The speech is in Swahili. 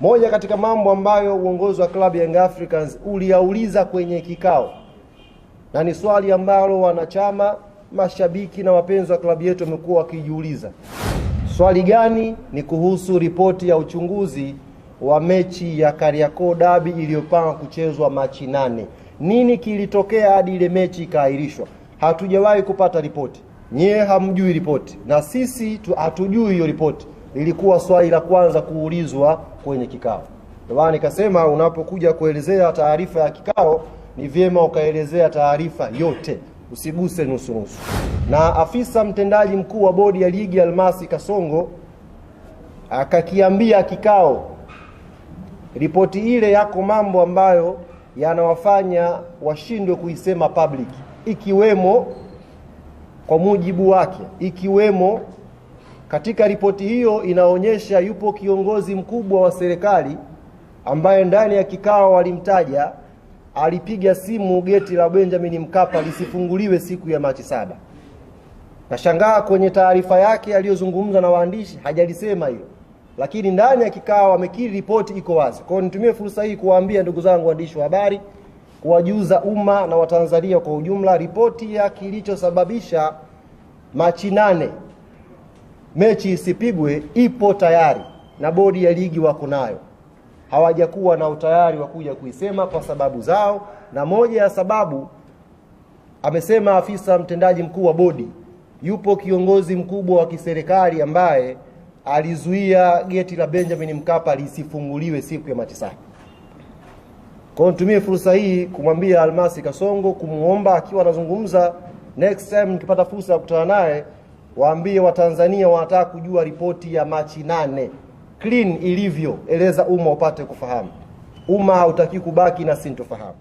Moja katika mambo ambayo uongozi wa club ya Young Africans uliyauliza kwenye kikao, na ni swali ambalo wanachama, mashabiki na wapenzi wa klabu yetu wamekuwa wakijiuliza, swali gani? Ni kuhusu ripoti ya uchunguzi wa mechi ya Kariakoo Derby iliyopangwa kuchezwa Machi nane. Nini kilitokea hadi ile mechi ikaahirishwa? Hatujawahi kupata ripoti. Nyie hamjui ripoti na sisi hatujui hiyo ripoti lilikuwa swali la kwanza kuulizwa kwenye kikao. Ndio maana nikasema unapokuja kuelezea taarifa ya kikao ni vyema ukaelezea taarifa yote, usiguse nusunusu. Na afisa mtendaji mkuu wa bodi ya ligi Almasi Kasongo akakiambia kikao, ripoti ile yako mambo ambayo yanawafanya washindwe kuisema public, ikiwemo kwa mujibu wake, ikiwemo katika ripoti hiyo inaonyesha yupo kiongozi mkubwa wa serikali ambaye ndani ya kikao walimtaja, alipiga simu geti la Benjamin Mkapa lisifunguliwe siku ya Machi saba. Nashangaa kwenye taarifa yake aliyozungumza na waandishi hajalisema hiyo, lakini ndani ya kikao amekiri, ripoti iko wazi. Kwa hiyo nitumie fursa hii kuwaambia ndugu zangu waandishi wa habari, kuwajuza umma na Watanzania kwa ujumla ripoti ya kilichosababisha Machi nane mechi isipigwe ipo tayari na bodi ya ligi wako nayo, hawajakuwa na utayari wa kuja kuisema kwa sababu zao, na moja ya sababu amesema afisa mtendaji mkuu wa bodi, yupo kiongozi mkubwa wa kiserikali ambaye alizuia geti la Benjamin Mkapa lisifunguliwe siku ya matisaki. Kwa nitumie fursa hii kumwambia Almasi Kasongo, kumwomba akiwa anazungumza next time nikipata fursa ya kukutana naye waambie Watanzania wanataka kujua ripoti ya Machi nane clean ilivyo, eleza umma upate kufahamu. Umma hautaki kubaki na sintofahamu.